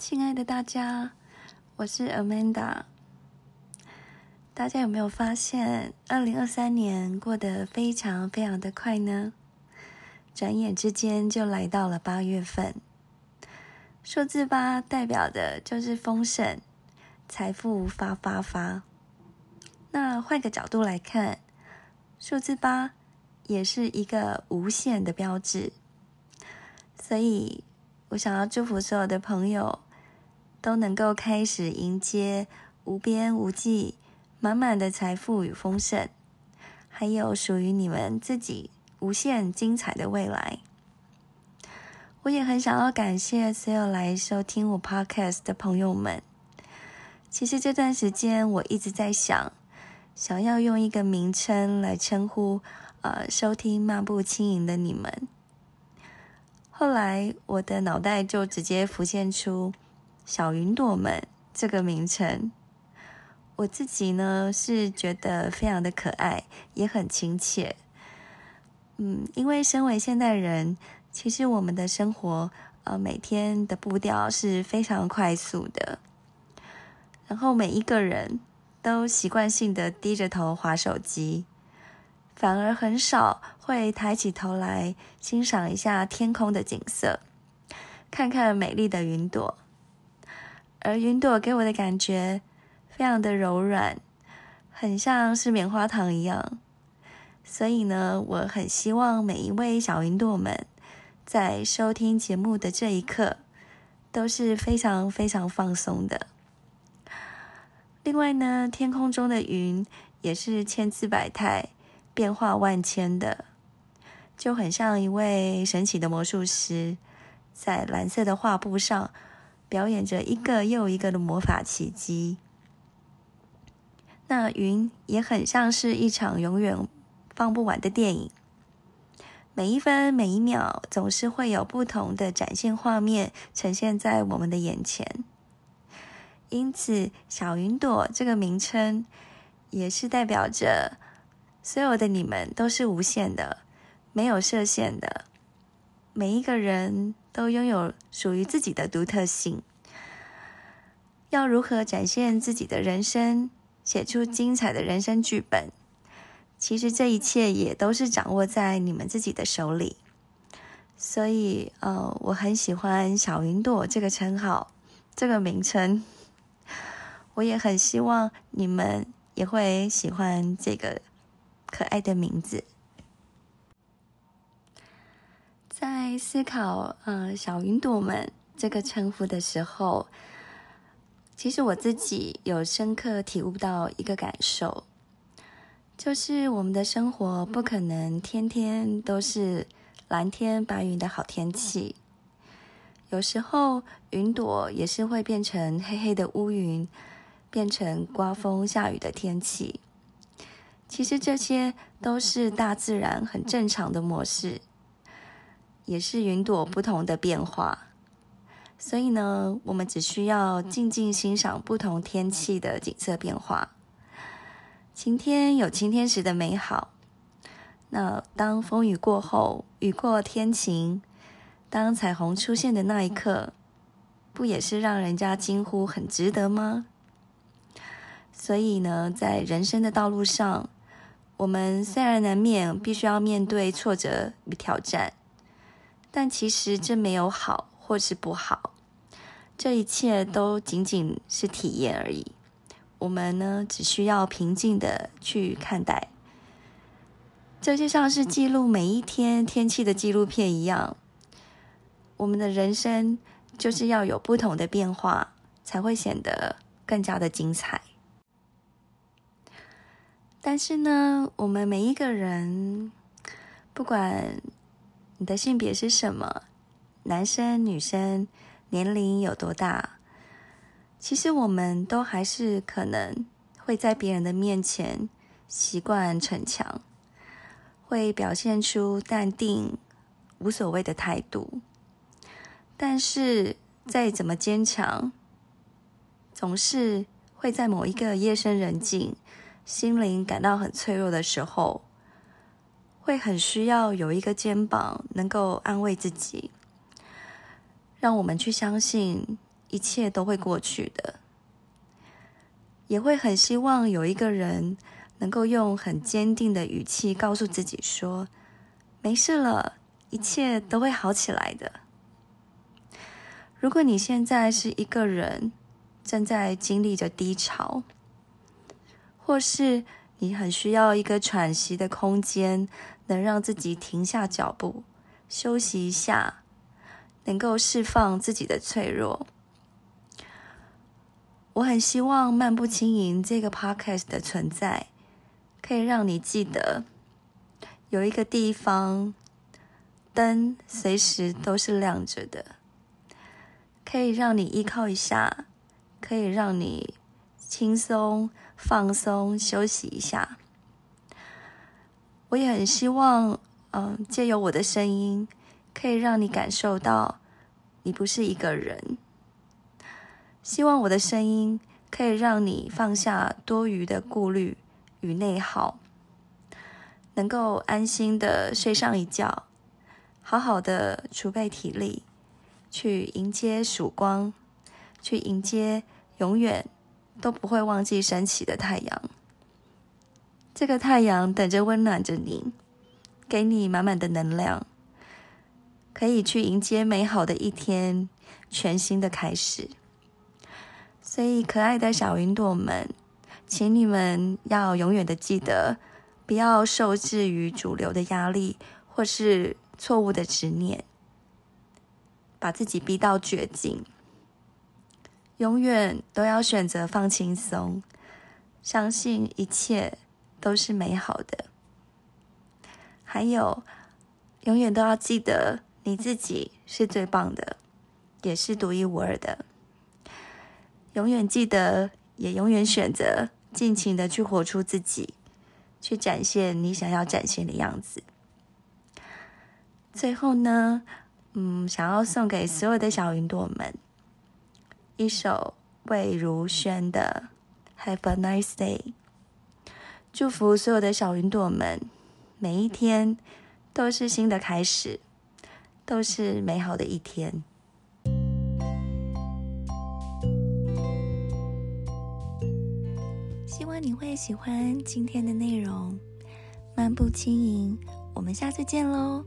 親愛的大家，我是 Amanda。大家有沒有發現，二零二三年過得非常非常的快呢？轉眼之間就來到了八月份。數字八代表的就是豐盛、財富發發發。那換個角度來看，數字八也是一個無限的標誌。所以我想要祝福所有的朋友。都能夠開始迎接無邊無際、滿滿的財富與豐盛，還有屬於你們自己無限精彩的未來。我也很想要感謝所有來收聽我 podcast 的朋友們。其實這段時間我一直在想，想要用一個名稱來稱呼，呃，收聽曼步輕瑩的你們。後來我的腦袋就直接浮現出。小雲朵們這個名稱，我自己呢是覺得非常的可愛，也很親切。嗯，因為身為現代人，其實我們的生活呃，每天的步調是非常快速的，然後每一個人都習慣性的低着頭滑手機，反而很少會抬起頭來欣賞一下天空的景色，看看美麗的雲朵。而雲朵給我的感覺非常的柔軟，很像是棉花糖一樣。所以呢，我很希望每一位小雲朵們在收聽節目的這一刻都是非常非常放鬆的。另外呢，天空中的雲也是千姿百態、變化萬千的，就很像一位神奇的魔術師，在藍色的畫布上。表演着一個又一個的魔法奇蹟，那雲也很像是一場永遠放不完的電影，每一分每一秒總是會有不同的展現畫面呈現在我們的眼前。因此，小雲朵這個名稱也是代表着所有的你們都是無限的，沒有設限的每一個人。都擁有屬於自己的獨特性。要如何展現自己的人生，寫出精彩的人生劇本？其實這一切也都是掌握在你們自己的手裡。所以，呃，我很喜歡“小雲朵”這個稱號，這個名稱。我也很希望你們也會喜歡這個可愛的名字。在思考“呃，小雲朵們”這個稱呼的時候，其實我自己有深刻體悟到一個感受，就是我們的生活不可能天天都是藍天白雲的好天氣，有時候雲朵也是會變成黑黑的烏雲，變成颳風下雨的天氣。其實這些都是大自然很正常的模式。也是雲朵不同的變化，所以呢，我們只需要靜靜欣賞不同天氣的景色變化。晴天有晴天時的美好，那當風雨過後，雨過天晴，當彩虹出現的那一刻，不也是讓人家驚呼很值得嗎？所以呢，在人生的道路上，我們雖然難免必須要面對挫折與挑戰。但其實這沒有好或是不好，這一切都僅僅是體驗而已。我們呢，只需要平靜地去看待，這就像是記錄每一天天氣的紀錄片一樣。我們的人生就是要有不同的變化，才會顯得更加的精彩。但是呢，我們每一個人，不管，你的性別是什麼？男生、女生、年齡有多大？其實，我們都還是可能會在別人的面前習慣逞強，會表現出淡定、無所謂的態度。但是，再怎麼堅強，總是會在某一個夜深人靜、心靈感到很脆弱的時候。會很需要有一個肩膀能夠安慰自己，讓我們去相信一切都會過去的。也會很希望有一個人能夠用很堅定的語氣告訴自己說：“沒事了，一切都會好起來的。”如果你現在是一個人，正在經歷着低潮，或是……你很需要一個喘息的空間，能讓自己停下腳步，休息一下，能夠釋放自己的脆弱。我很希望《曼步輕瑩》這個 podcast 的存在，可以讓你記得有一個地方燈隨時都是亮着的，可以讓你依靠一下，可以讓你輕鬆。放鬆，休息一下。我也很希望，嗯，借由我的聲音，可以讓你感受到，你不是一個人。希望我的聲音可以讓你放下多餘的顧慮與內耗，能夠安心的睡上一覺，好好的儲備體力，去迎接曙光，去迎接永遠。都不會忘記升起的太陽，這個太陽等着溫暖着你，給你滿滿的能量，可以去迎接美好的一天，全新的開始。所以，可愛的小雲朵們，請你們要永遠的記得，不要受制於主流的壓力或是錯誤的執念，把自己逼到絕境。永遠都要選擇放輕鬆，相信一切都是美好的。還有，永遠都要記得你自己是最棒的，也是獨一無二的。永遠記得，也永遠選擇盡情的去活出自己，去展現你想要展現的樣子。最後呢，嗯，想要送給所有的小雲朵們。一首魏如萱的《Have a Nice Day》，祝福所有的小雲朵們，每一天都是新的開始，都是美好的一天。希望你會喜歡今天的內容，曼步輕瑩，我們下次見嘍。